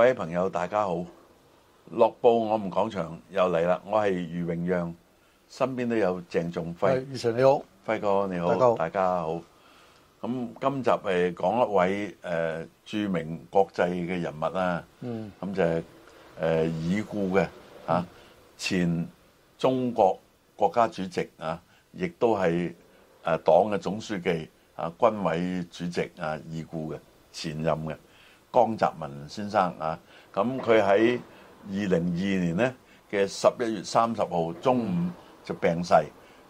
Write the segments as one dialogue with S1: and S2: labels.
S1: 各位朋友，大家好！《樂報》我們講場又嚟啦，我係余榮讓，身邊都有鄭仲輝。余城你好，輝哥你好，大家好。咁今集誒講一位誒、呃、著名國際嘅人物啦，咁、嗯、就誒、是呃、已故嘅啊、嗯、前中國國家主席啊，亦都係誒黨嘅總書記啊，軍委主席啊已故嘅前任嘅。江澤民先生啊，咁佢喺二零二二年咧嘅十一月三十號中午就病逝。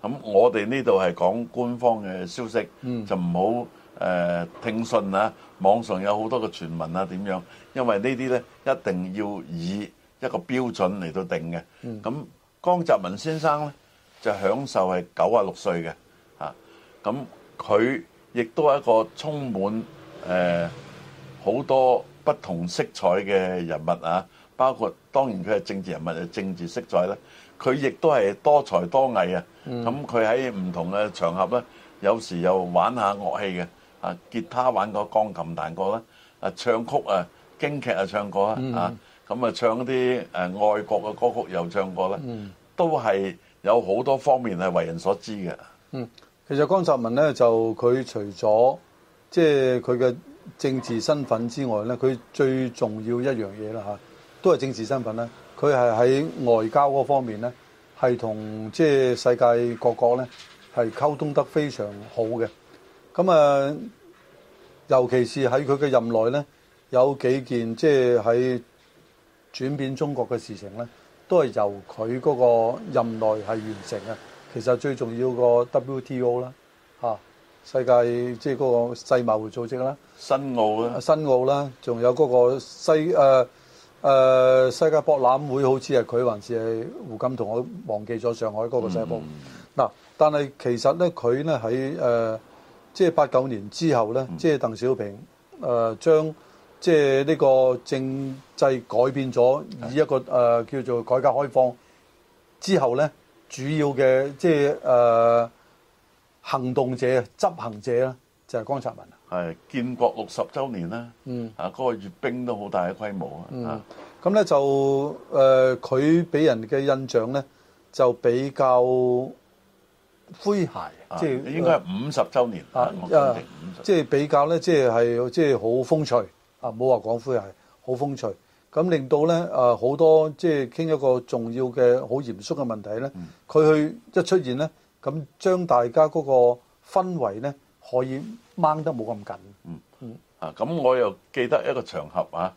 S1: 咁我哋呢度係講官方嘅消息，就唔好誒聽信啊，網上有好多嘅傳聞啊點樣，因為呢啲咧一定要以一個標準嚟到定嘅。咁江澤民先生咧就享受係九啊六歲嘅，嚇。咁佢亦都係一個充滿誒。好多不同色彩嘅人物啊，包括當然佢係政治人物，政治色彩啦，佢亦都係多才多藝啊。咁佢喺唔同嘅場合咧，有時又玩下樂器嘅，啊吉他玩過，鋼琴彈過啦，啊唱曲啊，京劇啊唱過啦，啊咁啊唱啲誒愛國嘅歌曲又唱過啦，都係有好多方面係為人所知嘅。
S2: 嗯，其實江澤民咧就佢除咗即係佢嘅。就是政治身份之外咧，佢最重要一樣嘢啦嚇，都係政治身份啦。佢係喺外交嗰方面咧，係同即係世界各國咧係溝通得非常好嘅。咁啊，尤其是喺佢嘅任內咧，有幾件即係喺轉變中國嘅事情咧，都係由佢嗰個任內係完成嘅。其實最重要個 WTO 啦，嚇世界即係嗰個世貿組織啦。新澳啦，新澳啦，仲有那個個世誒誒世界博覽會好似係佢，還是係胡錦濤？我忘記咗上海那個個世博。嗱、嗯，但係其實咧，佢咧喺誒，即係八九年之後咧、嗯，即係鄧小平誒將、呃、即係呢個政制改變咗，以一個誒、呃、叫做改革開放之後咧，主要嘅即係誒、呃、行動者、執行者咧，就係、是、江澤民。
S1: 係，建國六十週年啦，啊，嗰個閱兵都好大嘅規模啊，
S2: 咁、嗯、咧就誒，佢、呃、俾人嘅印象咧就比較詼諧，即係、啊就是、應該係
S1: 五十週年啊，即係、啊啊
S2: 就是、比較咧、就是，即係係即係好風趣啊，冇話講詼諧，好風趣，咁令到咧啊好、啊、多即係傾一個重要嘅好嚴肅嘅問題咧，佢、嗯、去一出現咧，咁將大家嗰個氛圍咧。可以掹得冇咁緊。嗯嗯。啊，
S1: 咁我又記得一個場合啊，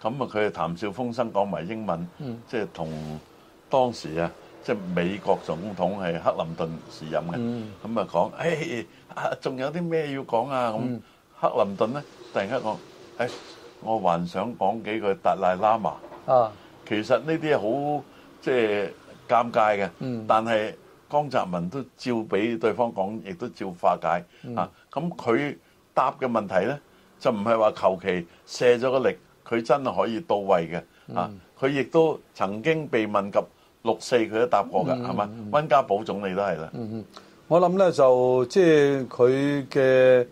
S1: 咁啊佢哋談笑風生講埋英文，即係同當時啊，即係美國總統係克林頓時任嘅。嗯。咁啊講，誒啊仲有啲咩要講啊？咁克林頓咧，突然間講，誒我還想講幾句達賴喇嘛。啊。其實呢啲係好即係尷尬嘅。嗯。但係。江澤民都照俾對方講，亦都照化解、嗯、啊！咁佢答嘅問題咧，就唔係話求其卸咗個力，佢真係可以到位嘅、嗯、啊！佢亦都曾經被問及六四，佢都答過嘅，係、嗯、嘛？溫、嗯嗯、家寶總理都係啦。
S2: 我諗咧，就即係佢嘅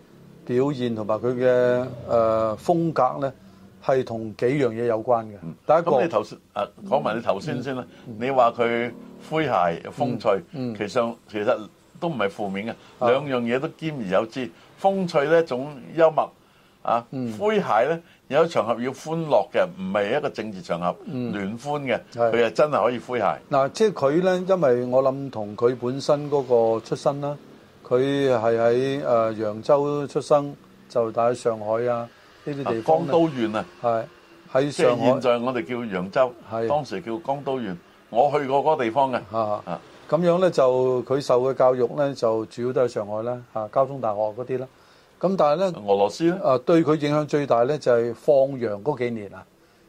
S2: 表現同埋佢嘅誒風格咧，係同幾樣嘢有關嘅。但、嗯、一，咁你頭
S1: 先、啊、講埋你頭先先啦、嗯嗯，你話佢。詼諧、風趣，其實其實都唔係負面嘅，兩樣嘢都兼而有之。風趣咧，一種幽默啊；，詼諧咧，有一場合要歡樂嘅，唔係一個政治場合，聯歡嘅，佢係真係可以詼諧。
S2: 嗱，即係佢咧，因為我諗同佢本身嗰個出身啦，佢係喺誒揚州出生，就帶去上海啊呢
S1: 啲地方。江都
S2: 縣啊，係喺上海，即係現
S1: 在我哋叫揚州，當時叫江都縣。我去過嗰個地方嘅，
S2: 咁、啊啊、樣呢，就佢受嘅教育呢，就主要都係上海啦，交、啊、通大學嗰啲啦，咁但係呢，俄羅斯啊，對佢影響最大呢，就係、是、放洋嗰幾年啊，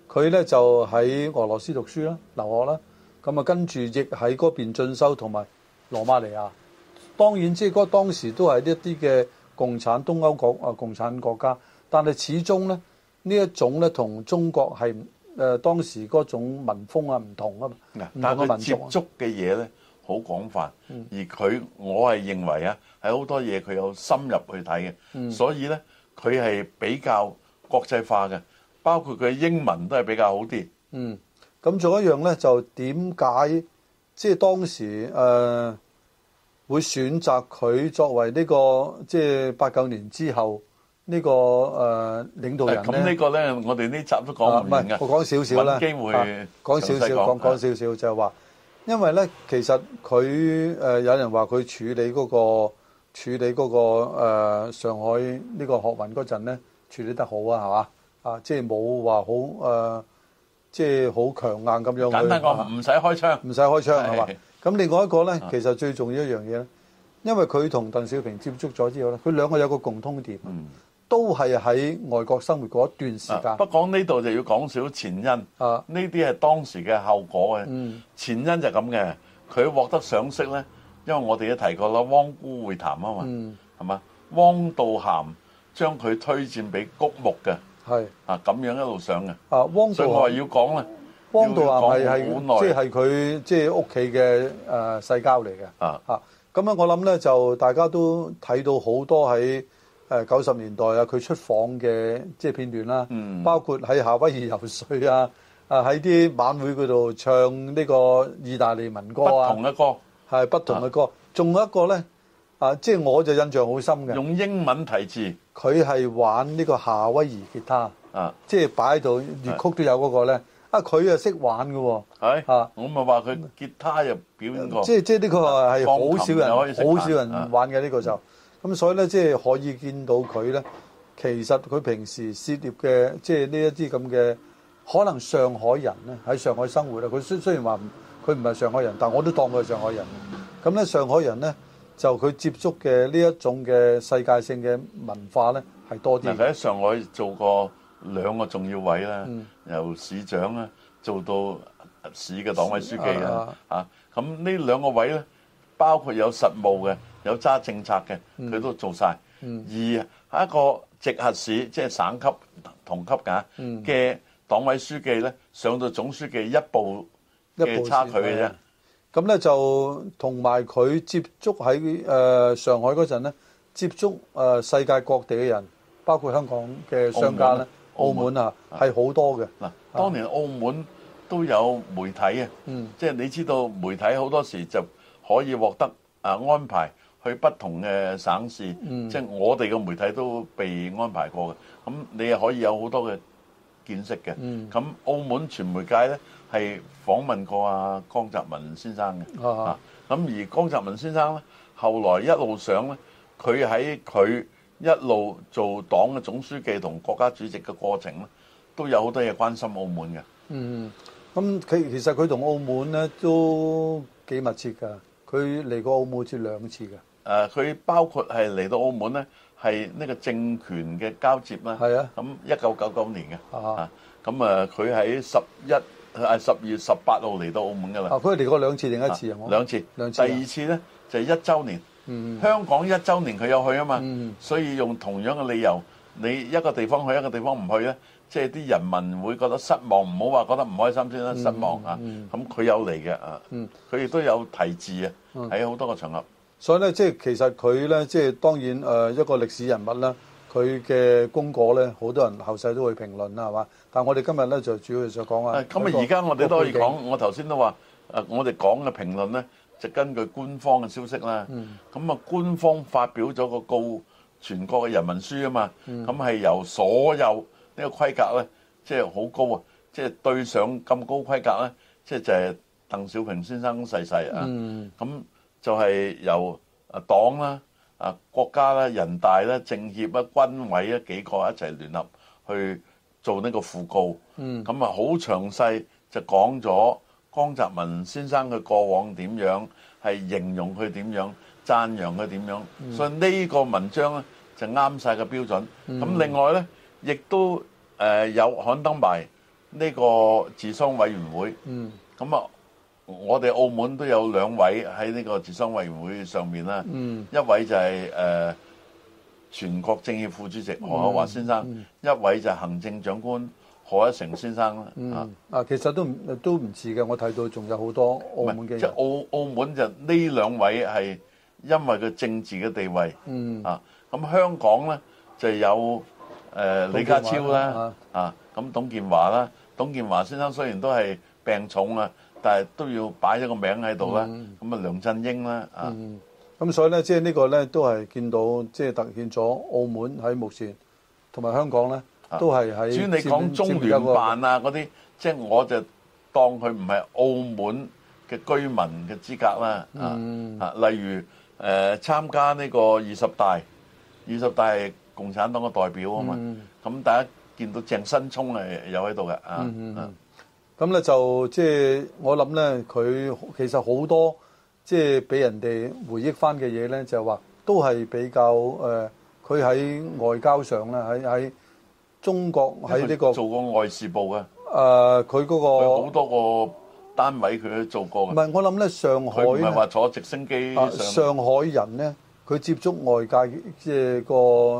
S2: 佢呢，就喺俄羅斯讀書啦，留學啦，咁啊跟住亦喺嗰邊進修同埋羅馬尼亞，當然即係嗰當時都係一啲嘅共產東歐國啊共產國家，但係始終呢，呢一種呢，同中國係。誒、呃、當時嗰種文風啊唔同啊嘛，但係佢接觸
S1: 嘅嘢咧好廣泛，嗯、而佢我係認為啊，係好多嘢佢有深入去睇嘅、嗯，所以咧佢係比較國際化嘅，包括佢英文都係比較好啲。嗯，
S2: 咁仲有一樣咧，就點解即係當時誒、呃、會選擇佢作為呢、呢個即係八九年之後？呢、呢個誒、呃、領導人咧，咁呢個
S1: 咧，我哋呢集都講唔完、啊、我講少少啦，揾機會講少少，講少少講少
S2: 少就係話，因為咧其實佢、呃、有人話佢處理嗰、嗰個處理嗰、嗰個、呃、上海呢個學運嗰陣咧，處理得好啊，係嘛啊，即係冇話好誒，即係好強硬咁樣。簡單講，唔、啊、使開槍，唔、啊、使開槍係嘛。咁另外一個咧，其實最重要一樣嘢咧，因為佢同鄧小平接觸咗之後咧，佢兩個有個共通點。嗯都係喺外國生活過一段時
S1: 間、啊。不講呢度就要講少前因。啊，呢啲係當時嘅後果嘅。嗯，前因就咁嘅。佢獲得賞識咧，因為我哋都提過啦，汪辜會談啊嘛，係、嗯、嘛，汪道涵將佢推薦俾谷牧嘅，係啊，咁樣一路上嘅。啊，汪道涵要講咧，
S2: 汪道涵係係即係佢即係屋企嘅誒世交嚟嘅。啊，吓、啊、咁樣我，我諗咧就大家都睇到好多喺。誒九十年代啊，佢出訪嘅即係片段啦、嗯，包括喺夏威夷游水啊，啊喺啲晚會嗰度唱呢個意大利民歌，歌，歌啊，同嘅歌係不同嘅歌，仲有一個咧啊，即係我就印象好深嘅，用英文提字，佢係玩呢個夏威夷吉他啊，即係擺喺度，粵曲都有嗰、那個咧啊，佢又識玩嘅喎，
S1: 係啊，我咪話佢吉他又表演過，嗯、即係即係呢個係好少人，好少人
S2: 玩嘅呢、啊這個就。嗯咁所以咧，即係可以見到佢咧，其實佢平時涉獵嘅，即係呢一啲咁嘅，可能上海人咧喺上海生活咧，佢雖雖然話佢唔係上海人，但係我都當佢係上海人。咁咧，上海人咧就佢接觸嘅呢一種嘅世界性嘅文化咧係多啲。喺
S1: 上海做過兩個重要位啦，由市長啦做到市嘅黨委書記啦，啊，咁呢兩個位咧包括有實務嘅。有揸政策嘅，佢都做晒、嗯嗯。而係一個直轄市，即係省級同級㗎嘅、嗯、黨委書記咧，上到總書記一步
S2: 嘅差距嘅啫。咁、嗯、咧就同埋佢接觸喺上海嗰陣咧，接觸世界各地嘅人，包括香港嘅商家咧，澳門，澳門啊係好多嘅。嗱，
S1: 當年澳門都有媒體啊、嗯，即、就、係、是、你知道媒體好多時就可以獲得啊安排，去不同嘅省市，嗯、即係我哋嘅媒體都被安排過嘅，咁你係可以有好多嘅見識嘅。咁、嗯、澳門傳媒界呢係訪問過阿江澤民先生嘅，咁、啊啊、而江澤民先生呢，後來一路上呢，佢喺佢一路做黨嘅總書記同國家主席嘅過程呢，都有好多嘢關心澳門嘅。嗯，
S2: 咁佢其實佢同澳門呢都幾密切㗎。佢嚟過澳門好似兩次㗎。
S1: 誒、啊、佢包括係嚟到澳門咧，係呢個政權嘅交接啦。係啊，咁一九九九年嘅。啊，咁啊，佢喺十一啊十月十八號嚟到澳門噶啦。佢、啊、嚟
S2: 過兩次定一次啊？
S1: 兩次。兩次。第二次咧就係、一周年。嗯。香港一周年佢有去啊嘛。嗯。所以用同樣嘅理由，你一個地方去一個地方唔去咧，即係啲人民會覺得失望，唔好話覺得唔開心先啦，失望啊。嗯。咁、嗯、佢、啊、有嚟嘅啊。嗯。佢亦都有題字啊，喺、嗯、好多個場合。
S2: 所以咧，即係其實佢咧，即係當然誒一個歷史人物啦。佢嘅功過咧，好多人後世都會評論啦，係嘛？但係我哋今日咧就主要想講下。咁啊，而家我哋都可以講，我
S1: 頭先都話誒，我哋講嘅評論咧，就根據官方嘅消息啦。咁啊，官方發表咗個告全國嘅人民書啊嘛。咁係由所有呢個規格咧，即係好高啊！即係對上咁高規格咧，即係就係鄧小平先生逝世啊。咁就係由啊黨啦、啊國家啦、人大啦、政協啦、軍委啊幾個一齊聯合去做呢個訃告，咁啊好詳細就講咗江澤民先生嘅過往點樣，係形容佢點樣，讚揚佢點樣，所以呢個文章咧就啱晒個標準。咁另外咧，亦都誒有刊登埋呢個治喪委員會，咁啊。我哋澳門都有兩位喺呢個協商委員會上面啦，一位就係誒全國政協副主席何厚鏵先生，一位就行政長官賀一誠先生啦。嗯
S2: 啊，其實都都唔似嘅，
S1: 我睇到仲有好多澳門嘅。即係，澳澳門就呢兩位係因為佢政治嘅地位。嗯啊，咁香港咧就有誒李家超啦啊，咁董建華啦。董建華先生雖然都係病重啊。但係都要擺咗個名喺度啦，咁啊梁振英啦
S2: 啊，咁所以咧，即係呢個咧都係見到，即係突顯咗澳門喺目前同埋香港咧都係喺。至於你講中聯辦
S1: 啊嗰啲，即係我就當佢唔係澳門嘅居民嘅資格啦啊啊，例如誒參加呢個二十大，二十大係共產黨嘅代表啊嘛，咁大家見到鄭新聰係有喺度嘅啊
S2: 啊。咁咧就即係、就是、我諗咧，佢其實好多即係俾人哋回憶翻嘅嘢咧，就係話、是、都係比較誒，佢、呃、喺外交上咧，喺喺中國喺呢、這個做過外
S1: 事部嘅。佢、呃、嗰、那個好多個單位佢都做過。唔
S2: 係我諗咧，上海佢唔
S1: 係話坐直升機上。呃、上
S2: 海人咧，佢接觸外界即係、就是那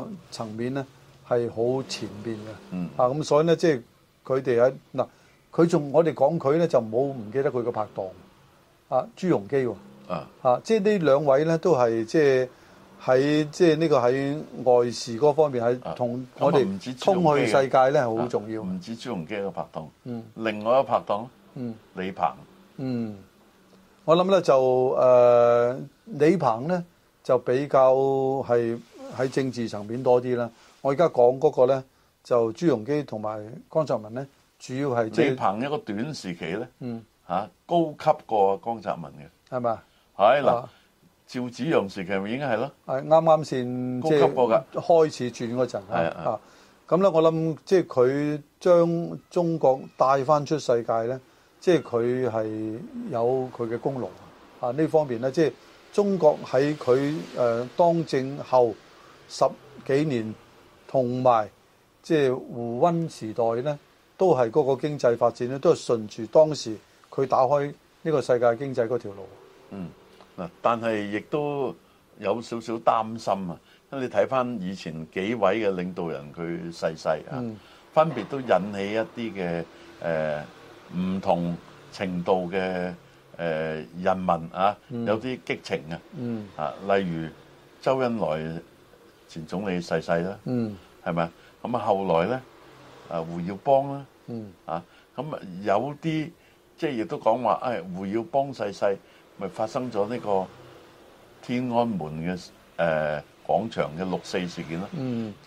S2: 個層面咧係好前面嘅、嗯。啊，咁所以咧，即係佢哋喺嗱。佢仲我哋講佢咧就冇唔記得佢個拍檔，啊朱鎔基喎、啊啊，啊，即係呢兩位咧都係即係喺即係呢個喺外事嗰方面係、啊、同我哋衝去世界咧係好重
S1: 要。唔止朱鎔基個拍檔，嗯，另外一拍檔嗯，李鵬。
S2: 嗯，我諗咧就誒、呃、李鵬咧就比較係喺政治層面多啲啦。我而家講嗰個咧就朱鎔基同埋江澤民咧。主要係李
S1: 鵬一個短時期咧，嚇、嗯啊、高級過江澤民嘅，係嘛？係嗱，趙紫陽時期咪已經
S2: 係咯，係啱啱先即係開始轉嗰陣，啊咁咧，我諗即係佢將中國帶翻出世界咧，即係佢係有佢嘅功勞啊！呢方面咧，即係中國喺佢誒當政後十幾年，同埋即係胡溫時代咧。都係嗰個經濟發展咧，都係順住當時佢打開呢個世界經濟嗰條路，嗯。
S1: 嗯，嗱，但係亦都有少少擔心啊，因為你睇返以前幾位嘅領導人佢逝世，世啊，嗯、分別都引起一啲嘅誒唔同程度嘅誒、呃、人民啊，嗯、有啲激情啊。嗯啊，例如周恩來前總理逝世啦，啊。嗯是，係咪啊？咁啊，後來咧。啊，胡耀邦啦，啊，咁啊有啲即係亦都講話，誒胡耀邦逝世，咪發生咗呢個天安門嘅誒廣場嘅六四事件咯。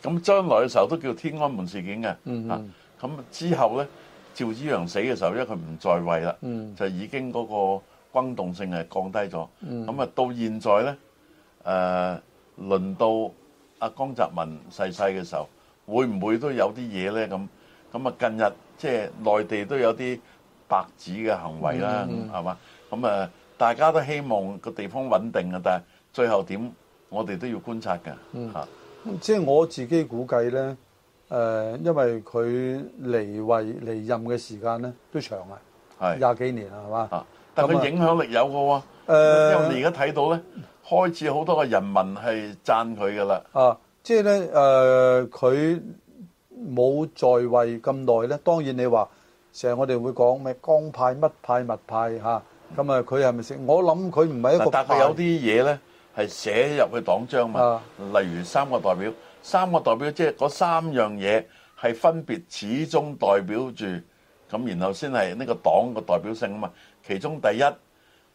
S1: 咁將來嘅時候都叫天安門事件嘅。啊，咁之後咧，趙紫陽死嘅時候，因為佢唔在位啦，就已經嗰個轟動性係降低咗。咁啊，到現在咧，誒輪到阿江澤民逝世嘅時候。會唔會都有啲嘢咧？咁咁啊！近日即係、就是、內地都有啲白紙嘅行為啦，係、嗯、嘛？咁、嗯、啊，大家都希望個地方穩定啊，但係最後點，我哋都要觀察嘅、嗯、
S2: 即係我自己估計咧，誒、呃，因為佢離位離任嘅時間咧都長啊，廿幾年啦，係嘛？但佢影響
S1: 力有嘅喎、哦，誒、嗯，因
S2: 為而家睇到咧、呃，開始好多嘅人
S1: 民係讚佢㗎啦。啊。
S2: 即係咧，誒佢冇在位咁耐咧，當然你話成日我哋會講咩江派乜派密派嚇，咁啊佢係咪先？我諗佢唔係一個。但係有啲嘢咧
S1: 係寫入去黨章嘛，例如三個代表，三個代表即係嗰三樣嘢係分別始終代表住咁，然後先係呢個黨嘅代表性啊嘛。其中第一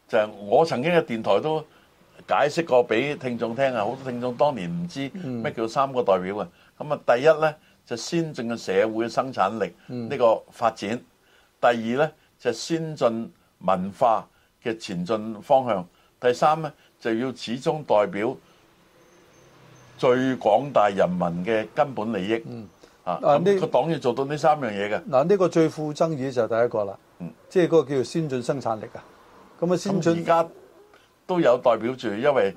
S1: 就係我曾經嘅電台都。解釋過俾聽眾聽啊！好多聽眾當年唔知咩叫三個代表啊。咁、嗯、啊，第一咧就係、先進嘅社會生產力呢、嗯呢個發展；第二咧就係、先進文化嘅前進方向；第三咧就要始終代表最廣大人民嘅根本利益。嗯、啊，咁個
S2: 黨要做到呢三樣嘢嘅。嗱，呢個最富爭議就係第一個啦。即係嗰個叫做先進生產力啊。咁、嗯、啊，先進家。
S1: 都有代表住，因為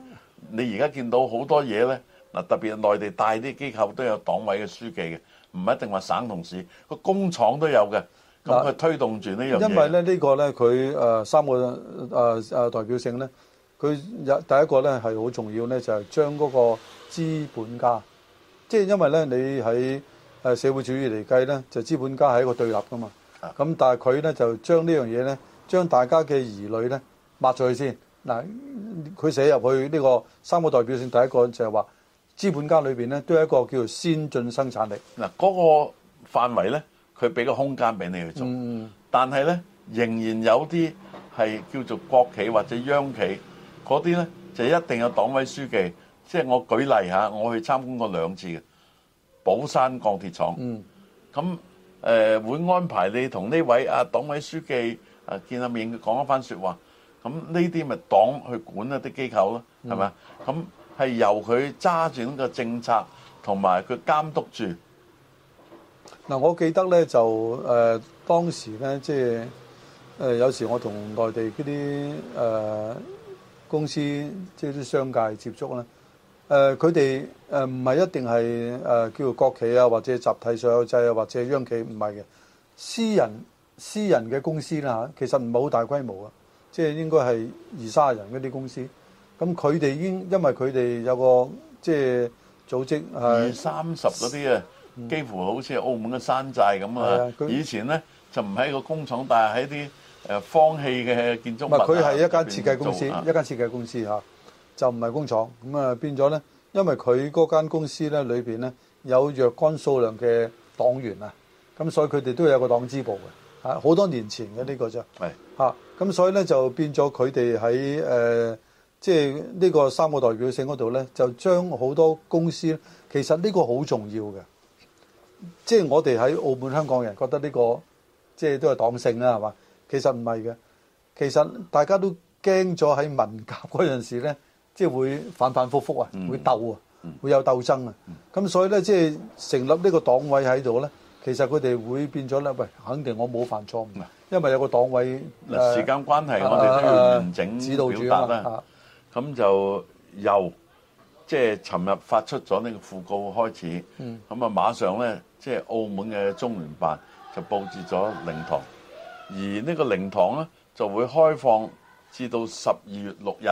S1: 你而家見到好多嘢呢，嗱，特別係內地大啲機構都有黨委嘅書記嘅，唔一定話省同市個工廠都有嘅，咁佢推動住呢樣嘢。因
S2: 為呢呢個呢，佢誒三個代表性呢，佢有第一個呢係好重要呢，就係將嗰個資本家，即係因為呢，你喺社會主義嚟計呢，就資本家係一個對立噶嘛。咁但係佢呢，就將呢樣嘢呢，將大家嘅疑慮呢，抹咗去先。嗱，佢寫入去呢個三個代表性，第一個就係話資本家裏面咧，都有一個叫做先進生產力。嗱，嗰個
S1: 範圍咧，佢俾個空間俾你去做。但係咧，仍然有啲係叫做國企或者央企嗰啲咧，就一定有黨委書記。即係我舉例下，我去參觀過兩次嘅寶山鋼鐵廠。咁誒會安排你同呢位啊黨委書記啊見下面講一番說話。咁呢啲咪黨去管一啲機構咯，係咪啊？咁係由佢揸住呢個政策，同埋佢監督住
S2: 嗱。我記得咧就誒當時咧，即係誒有時我同內地嗰啲誒公司，即係啲商界接觸咧誒，佢哋誒唔係一定係誒叫做國企啊，或者集體所有制啊，或者央企，唔係嘅。私人私人嘅公司啦嚇。其實唔係好大規模啊。即係應該係二卅人嗰啲公司，咁佢哋已經因為佢哋有個即係組織係二三十嗰啲啊，幾乎好似係澳
S1: 門嘅山寨咁啊！以前咧就唔係個工廠，但係喺啲誒荒棄嘅建築物啊。唔係，佢係一間設計公司，一
S2: 間設計公司嚇，就唔係工廠。咁啊，變咗咧，因為佢嗰間公司咧裏邊咧有若干數量嘅黨員啊，咁所以佢哋都有個黨支部嘅。啊，好多年前嘅呢個啫，嚇咁所以咧就變咗佢哋喺誒，即係呢個三個代表性嗰度咧，就將好多公司，其實呢個好重要嘅，即係我哋喺澳門香港人覺得呢個，即係都係黨性啦，係嘛？其實唔係嘅，其實大家都驚咗喺文革嗰陣時咧，即係會反反覆覆啊，會鬥啊，會有鬥爭啊，咁所以咧即係成立呢個黨委喺度咧。其實佢哋會變咗咧，喂，肯定我冇犯錯誤，因為有個黨委嗱。時間關係，啊、我哋都要完整表達啦。
S1: 咁就由即係尋日發出咗呢個訃告開始，咁、嗯、啊，咁就馬上咧即係澳門嘅中聯辦就佈置咗靈堂，而呢個靈堂咧就會開放至到十二月六日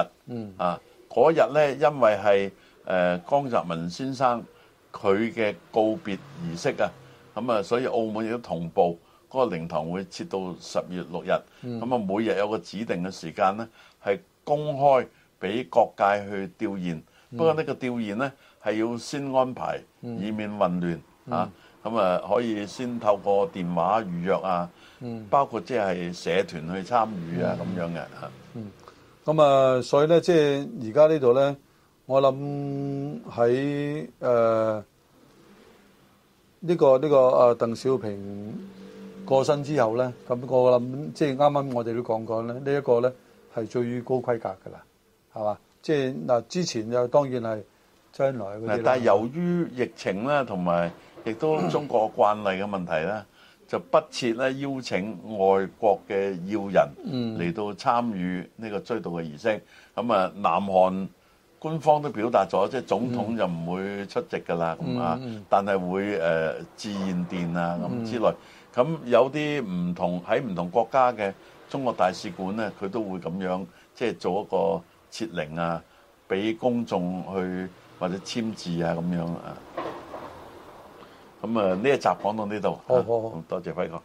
S1: 啊。嗰日咧，因為係誒江澤民先生佢嘅告別儀式啊。咁、嗯、啊，所以澳門亦都同步嗰、那個靈堂會設到十月六日，咁、嗯、啊，每日有個指定嘅時間咧，係公開俾各界去吊唁、嗯。不過這個吊唁呢個吊唁咧係要先安排，以免混亂嚇。咁、嗯嗯、啊，可以先透過電話預約啊，嗯、包括即係社團去參與啊咁、嗯、樣嘅嚇。
S2: 咁、嗯、啊、嗯嗯，所以咧，即係而家呢度咧，我諗喺誒。呃呢個呢個啊，鄧小平過身之後咧，咁我諗即係啱啱我哋都講過咧，呢一個咧係最高規格㗎啦，係嘛？即係嗱，之前就當然係將來但係
S1: 由於疫情咧，同埋亦都中國慣例嘅問題咧，就不切咧邀請外國嘅要人嚟到參與呢個追悼嘅儀式。咁啊，南韓。官方都表達咗，即係總統就唔會出席噶啦，咁、嗯、啊，但係會自致電啊，咁之類。咁有啲唔同喺唔同國家嘅中國大使館咧，佢都會咁樣即係做一個設靈啊，俾公眾去或者簽字啊咁樣啊。咁啊，呢一集講到呢度，好，好，好。多謝輝哥。